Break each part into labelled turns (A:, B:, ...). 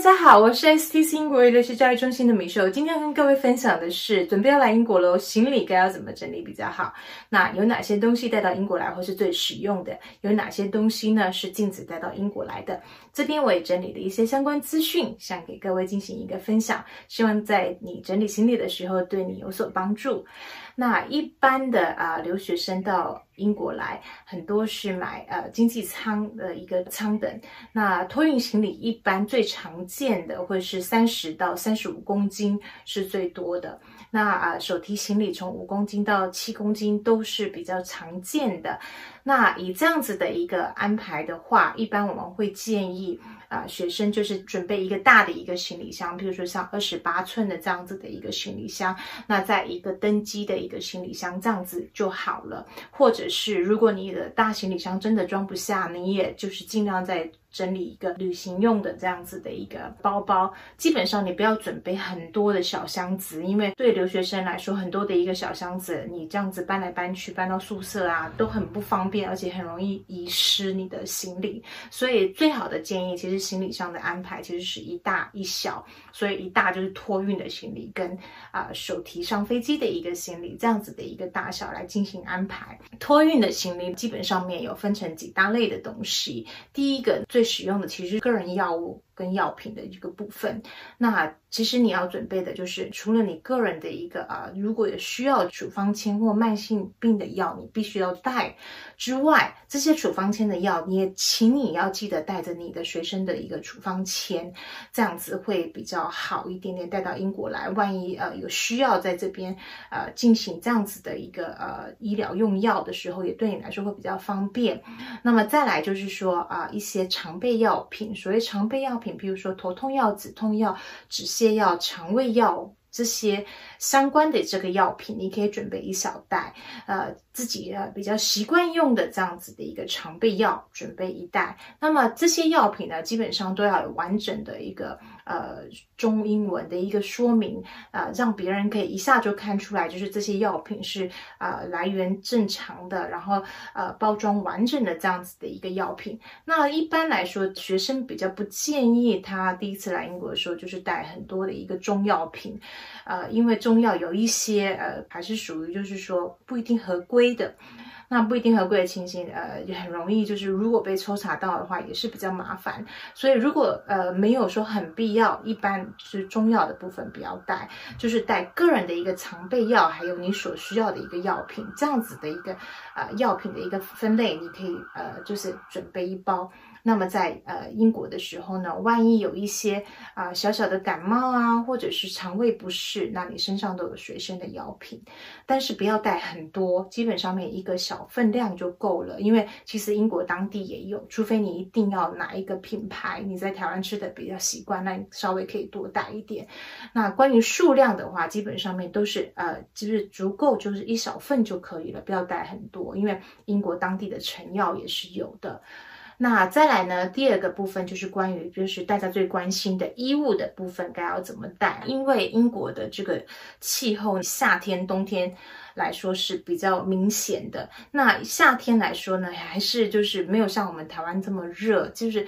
A: 大家好，我是 STC 英國留學教育中心的米秀。今天跟各位分享的是，準備要來英國囉，行李該要怎麼整理比較好？那有哪些東西帶到英國來會是最實用的？有哪些東西呢是禁止帶到英國來的？這邊我也整理了一些相關資訊，想給各位進行一個分享，希望在你整理行李的時候對你有所幫助。那一般的啊、呃，留學生到英國來，很多是買呃經濟艙的、呃、一個艙等。那托運行李一般最常見的，會是三十到三十五公斤是最多的。那啊、呃，手提行李從五公斤到七公斤都是比較常見的。那以這樣子的一個安排的話，一般我們會建議啊、呃，學生就是準備一個大的一個行李箱，比如說像二十八寸的這樣子的一個行李箱，那再一個登機的一個行李箱這樣子就好了。或者是如果你的大行李箱真的裝不下，你也就是盡量在。整理一個旅行用的這樣子的一個包包，基本上你不要準備很多的小箱子，因為對留學生來說，很多的一個小箱子，你這樣子搬來搬去，搬到宿舍啊，都很不方便，而且很容易遺失你的行李。所以最好的建議，其實行李箱的安排其實是一大一小，所以一大就是托運的行李跟啊、呃、手提上飛機的一個行李，這樣子的一個大小來進行安排。托運的行李基本上面有分成幾大類的東西，第一個最最實用的其實是個人藥物。跟藥品的一個部分，那其實你要準備的就是除了你個人的一個啊、呃，如果有需要處方簽或慢性病的藥，你必須要帶之外，這些處方簽的藥，你也請你要記得帶着你的隨身的一個處方簽，這樣子會比較好一點點帶到英國來，萬一呃有需要在這邊呃進行這樣子的一個呃醫療用藥的時候，也對你來說會比較方便。那麼再來就是說啊、呃，一些常備藥品，所謂常備藥品。比如說，頭痛藥、止痛藥、止瀉藥、腸胃藥這些。相關的這個藥品，你可以準備一小袋，呃，自己比較習慣用的這樣子的一個常備藥，準備一袋。那麼這些藥品呢，基本上都要有完整的一個呃中英文的一個說明，呃，讓別人可以一下就看出來，就是這些藥品是啊、呃、來源正常的，然後呃包裝完整的這樣子的一個藥品。那一般來說，學生比較不建議他第一次來英國的時候就是帶很多的一個中藥品，呃，因為中。中藥有一些，呃，還是屬於就是說不一定合規的，那不一定合規的情形，呃，很容易就是如果被抽查到的話，也是比較麻煩。所以如果呃沒有說很必要，一般是中藥的部分不要帶，就是帶個人的一個常備藥，還有你所需要的一個藥品，這樣子的一個呃藥品的一個分類，你可以呃就是準備一包。那麼在呃英國的時候呢，萬一有一些啊、呃、小小的感冒啊，或者是腸胃不適，那你身上都有隨身的藥品，但是不要帶很多，基本上面一個小份量就夠了。因為其實英國當地也有，除非你一定要拿一個品牌，你在台灣吃的比較習慣，那你稍微可以多帶一點。那關於數量的話，基本上面都是呃就是足夠，就是一小份就可以了，不要帶很多，因為英國當地的成藥也是有的。那再來呢，第二個部分就是關於就是大家最關心的衣物的部分該要怎麼帶。因為英國的這個氣候，夏天冬天來說是比較明顯的。那夏天來說呢，還是就是沒有像我們台灣這麼熱，就是。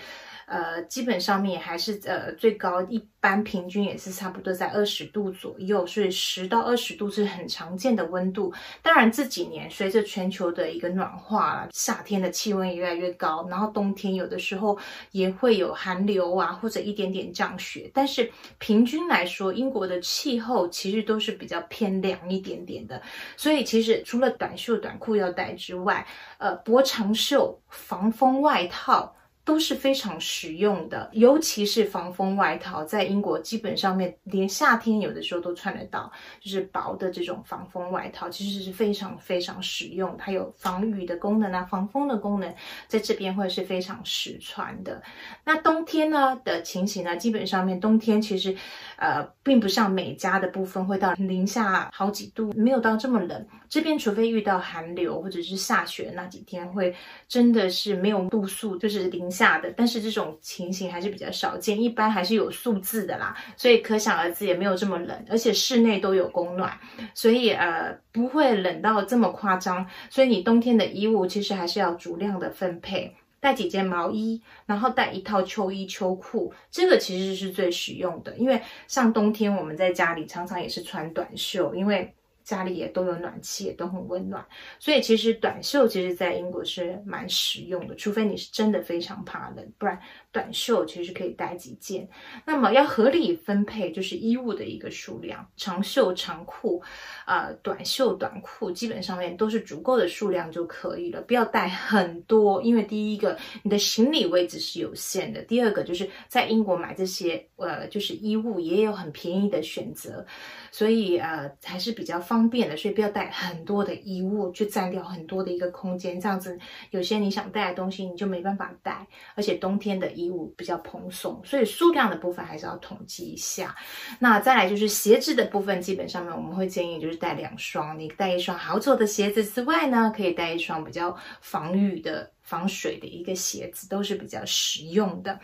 A: 呃，基本上面也還是呃最高，一般平均也是差不多在二十度左右，所以十到二十度是很常見的溫度。當然這幾年隨着全球的一個暖化了，夏天的氣溫越來越高，然後冬天有的時候也會有寒流啊，或者一點點降雪。但是平均來說，英國的氣候其實都是比較偏涼一點點的，所以其實除了短袖、短褲要帶之外，呃薄長袖、防風外套。都是非常實用的，尤其是防風外套，在英國基本上面連夏天有的時候都穿得到，就是薄的這種防風外套，其實是非常非常實用，它有防雨的功能啊，防風的功能，在這邊會是非常實穿的。那冬天呢的情形呢，基本上面冬天其實，呃。並不像美加的部分會到零下好幾度，沒有到這麼冷。這邊除非遇到寒流或者是下雪那幾天，會真的是沒有度數，就是零下的。但是這種情形還是比較少見，一般還是有數字的啦。所以可想而知也沒有這麼冷，而且室內都有供暖，所以呃不會冷到這麼誇張。所以你冬天的衣物其實還是要足量的分配。帶幾件毛衣，然後帶一套秋衣秋褲，這個其實是最實用的，因為像冬天我們在家裡常常也是穿短袖，因為。家裡也都有暖氣，也都很溫暖，所以其實短袖其實，在英國是蠻實用的，除非你是真的非常怕冷，不然短袖其實可以帶幾件。那麼要合理分配，就是衣物的一個數量，長袖長褲，呃，短袖短褲，基本上面都是足夠的數量就可以了，不要帶很多，因為第一個你的行李位置是有限的，第二個就是在英國買這些，呃，就是衣物也有很便宜的選擇，所以呃，還是比較。方便的，所以不要帶很多的衣物去占掉很多的一個空間。這樣子，有些你想帶的東西你就沒辦法帶，而且冬天的衣物比較蓬鬆，所以數量的部分還是要統計一下。那再來就是鞋子的部分，基本上呢，我們會建議，就是帶兩雙，你帶一雙好走的鞋子之外呢，可以帶一雙比較防雨的。防水的一個鞋子都是比較實用的。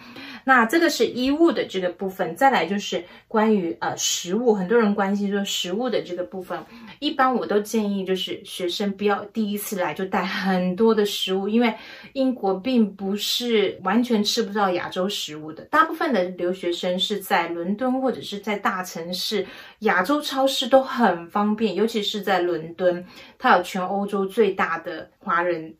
A: 那這個是衣物的這個部分，再來就是關於呃食物，很多人關心說食物的這個部分，一般我都建議就是學生不要第一次來就帶很多的食物，因為英國並不是完全吃不到亞洲食物的。大部分的留學生是在倫敦或者是在大城市，亞洲超市都很方便，尤其是在倫敦，它有全歐洲最大的華人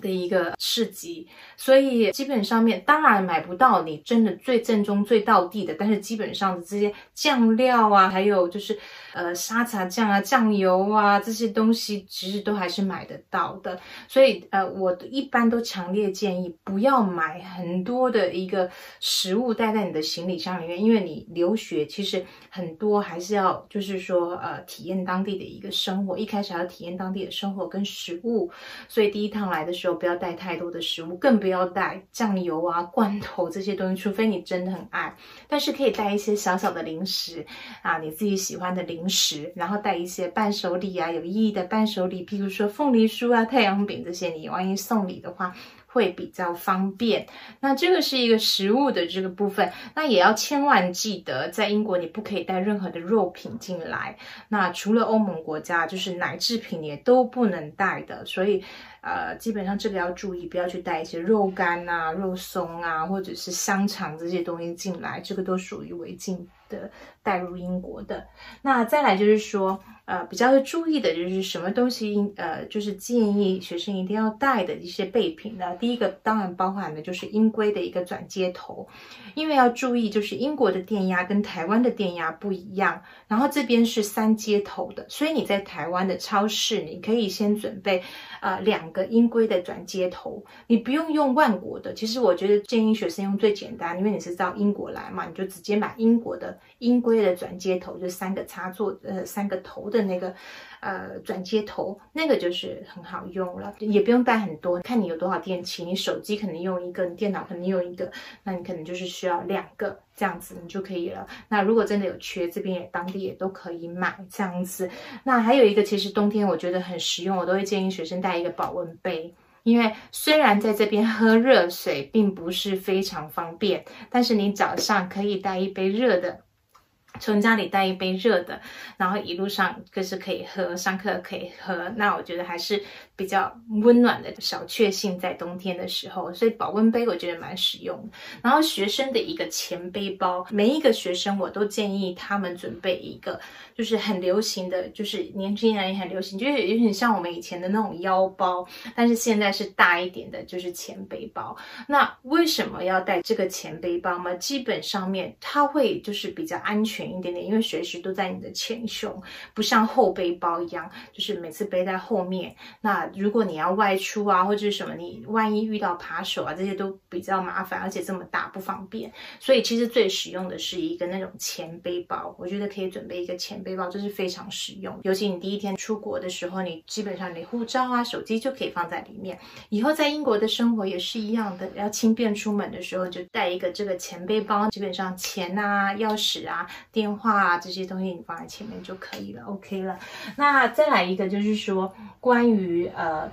A: 的一個市集，所以基本上面當然買不到你真的最正宗最道地的，但是基本上的這些醬料啊，還有就是呃沙茶醬啊、醬油啊這些東西，其實都還是買得到的。所以呃，我一般都強烈建議不要買很多的一個食物帶在你的行李箱裡面，因為你留學其實很多還是要就是說呃體驗當地的一個生活，一開始還要體驗當地的生活跟食物，所以第一趟來的時候。就不要帶太多的食物，更不要帶醬油啊、罐頭這些東西，除非你真的很愛。但是可以帶一些小小的零食啊，你自己喜歡的零食，然後帶一些伴手禮啊，有意義的伴手禮，比如說鳳梨酥啊、太陽餅這些，你萬一送禮的話。會比較方便。那這個是一個食物的這個部分，那也要千萬記得，在英國你不可以帶任何的肉品進來。那除了歐盟國家，就是奶製品也都不能帶的。所以，呃，基本上這個要注意，不要去帶一些肉乾啊、肉鬆啊，或者是香腸這些東西進來，這個都屬於違禁的帶入英國的。那再來就是說，呃，比較注意的就是什麼東西，呃，就是建議學生一定要帶的一些備品呢，第一個當然包含的就是英規的一個轉接頭，因為要注意，就是英國的電壓跟台灣的電壓不一樣，然後這邊是三接頭的，所以你在台灣的超市你可以先準備，呃，兩個英規的轉接頭，你不用用萬國的。其實我覺得建議學生用最簡單，因為你是到英國來嘛，你就直接買英國的。英規的轉接頭就三個插座，呃，三個頭的那個，呃，轉接頭那個就是很好用了，也不用帶很多，看你有多少電器，你手機可能用一個，你電腦可能用一個，那你可能就是需要兩個這樣子你就可以了。那如果真的有缺，這邊也當地也都可以買這樣子。那還有一個，其實冬天我覺得很實用，我都會建議學生帶一個保溫杯，因為雖然在這邊喝熱水並不是非常方便，但是你早上可以帶一杯熱的。從家裡帶一杯熱的，然後一路上就是可以喝，上課可以喝。那我覺得還是，比較溫暖的小確幸，在冬天的時候，所以保溫杯我覺得蠻實用的。然後學生的一個前背包，每一個學生我都建議他們準備一個，就是很流行的，就是年輕人也很流行，就是有點像我們以前的那種腰包，但是現在是大一點的，就是前背包。那為什麼要帶這個前背包嗎？基本上面它會就是比較安全一點點，因為隨時都在你的前胸，不像後背包一樣，就是每次背在後面那。如果你要外出啊，或者是什麼，你萬一遇到扒手啊，這些都比較麻煩，而且這麼大不方便。所以其實最實用的是一個那種錢背包，我覺得可以準備一個錢背包，這是非常實用。尤其你第一天出國的時候，你基本上你護照啊、手機就可以放在裡面。以後在英國的生活也是一樣的，要輕便出門的時候就帶一個這個錢背包，基本上錢啊、鑰匙啊、電話啊這些東西你放在前面就可以了，OK 了。那再來一個就是說關於。呃，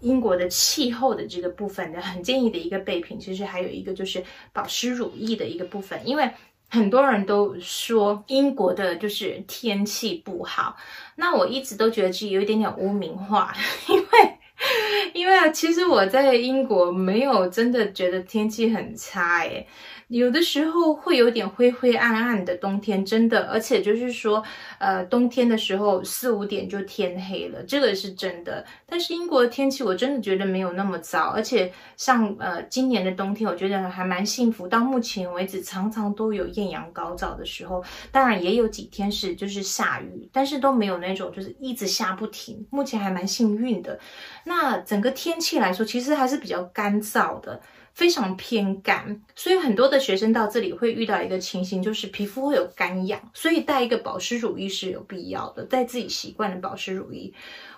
A: 英國的氣候的這個部分的很建議的一個備品，其實還有一個就是保濕乳液的一個部分，因為很多人都說英國的就是天氣不好，那我一直都覺得自己有一點點污名化，因為因為其實我在英國沒有真的覺得天氣很差哎。有的時候會有點灰灰暗暗的，冬天真的，而且就是說，呃，冬天的時候四五點就天黑了，這個是真的。但是英國的天氣我真的覺得沒有那麼糟，而且像呃今年的冬天，我覺得還蠻幸福。到目前為止，常常都有艷陽高照的時候，當然也有幾天是就是下雨，但是都沒有那種就是一直下不停。目前還蠻幸運的。那整個天氣來說，其實還是比較乾燥的。非常偏乾，所以很多的學生到這裡會遇到一個情形，就是皮膚會有乾癢，所以帶一個保濕乳液是有必要的，帶自己習慣的保濕乳液。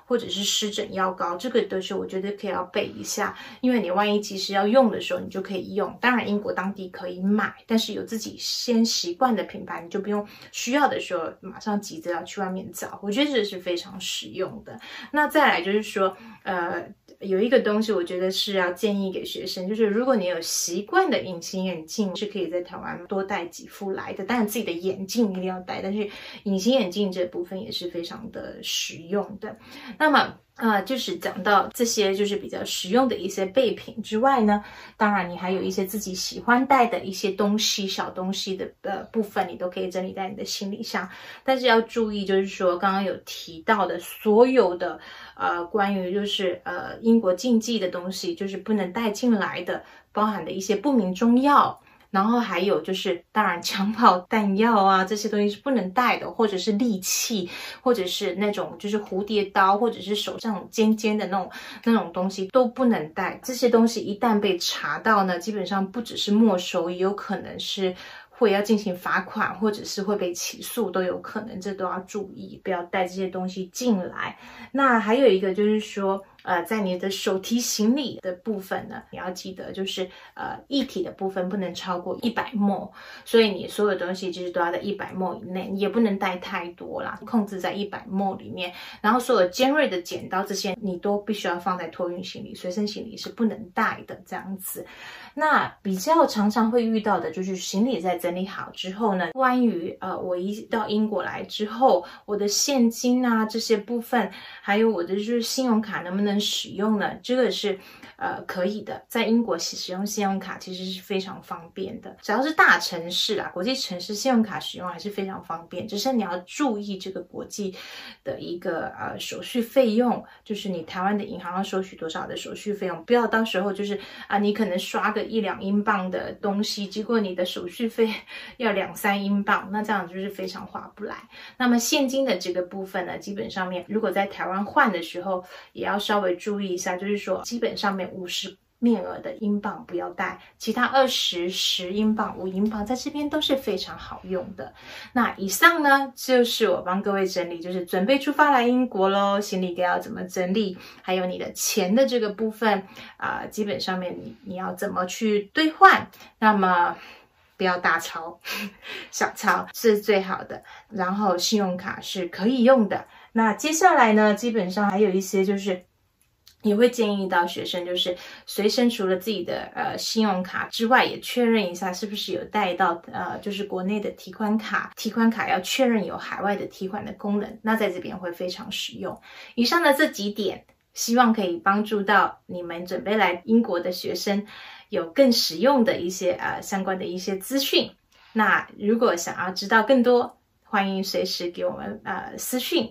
A: 或者是濕疹藥膏，這個都是我覺得可以要備一下，因為你萬一其實要用的時候，你就可以用。當然，英國當地可以買，但是有自己先習慣的品牌，你就不用需要的時候馬上急着要去外面找。我覺得這是非常實用的。那再來就是說，呃，有一個東西我覺得是要建議給學生，就是如果你有習慣的隱形眼鏡，是可以在台灣多帶幾副來的。當然，自己的眼鏡一定要帶，但是隱形眼鏡這部分也是非常的實用的。那麼，呃，就是講到這些，就是比較實用的一些備品之外呢，當然你還有一些自己喜歡帶的一些東西、小東西的呃部分，你都可以整理在你的行李箱。但是要注意，就是說剛剛有提到的所有的呃，關於就是呃英國禁忌的東西，就是不能帶進來的，包含的一些不明中藥。然後還有就是，當然槍炮彈藥啊，這些東西是不能帶的，或者是利器，或者是那種就是蝴蝶刀，或者是手上尖尖的那種那種東西都不能帶。這些東西一旦被查到呢，基本上不只是沒收，也有可能是會要進行罰款，或者是會被起訴都有可能，這都要注意，不要帶這些東西進來。那還有一個就是說。呃，在你的手提行李的部分呢，你要記得就是，呃，液體的部分不能超過一百毫升，所以你所有東西其實都要在一百毫升以內，也不能帶太多啦，控制在一百毫升裡面。然後所有尖銳的剪刀、這些，你都必須要放在托運行李，隨身行李是不能帶的這樣子。那比較常常會遇到的就是行李在整理好之後呢，關於呃，我一到英國來之後，我的現金啊這些部分，還有我的就是信用卡能不能使用呢，這個是呃可以的，在英國使用信用卡其實是非常方便的，只要是大城市啦、啊、國際城市，信用卡使用還是非常方便。只是你要注意這個國際的一個呃手續費用，就是你台灣的銀行要收取多少的手續費用，不要到時候就是啊、呃，你可能刷個一兩英鎊的東西，結果你的手續費要兩三英鎊，那這樣就是非常划不來。那麼現金的這個部分呢，基本上面如果在台灣換的時候，也要稍微。會注意一下，就是說，基本上面五十面額的英鎊不要帶，其他二十、十英鎊、五英鎊在這邊都是非常好用的。那以上呢，就是我幫各位整理，就是準備出發來英國嘍，行李該要怎麼整理，還有你的錢的這個部分啊、呃，基本上面你你要怎麼去兌換，那麼不要大鈔，小鈔是最好的。然後信用卡是可以用的。那接下來呢，基本上還有一些就是。也會建議到學生，就是隨身除了自己的呃信用卡之外，也確認一下是不是有帶到呃，就是國內的提款卡。提款卡要確認有海外的提款的功能，那在這邊會非常實用。以上的這幾點，希望可以幫助到你們準備來英國的學生，有更實用的一些呃相關的一些資訊。那如果想要知道更多，歡迎隨時給我們呃私訊。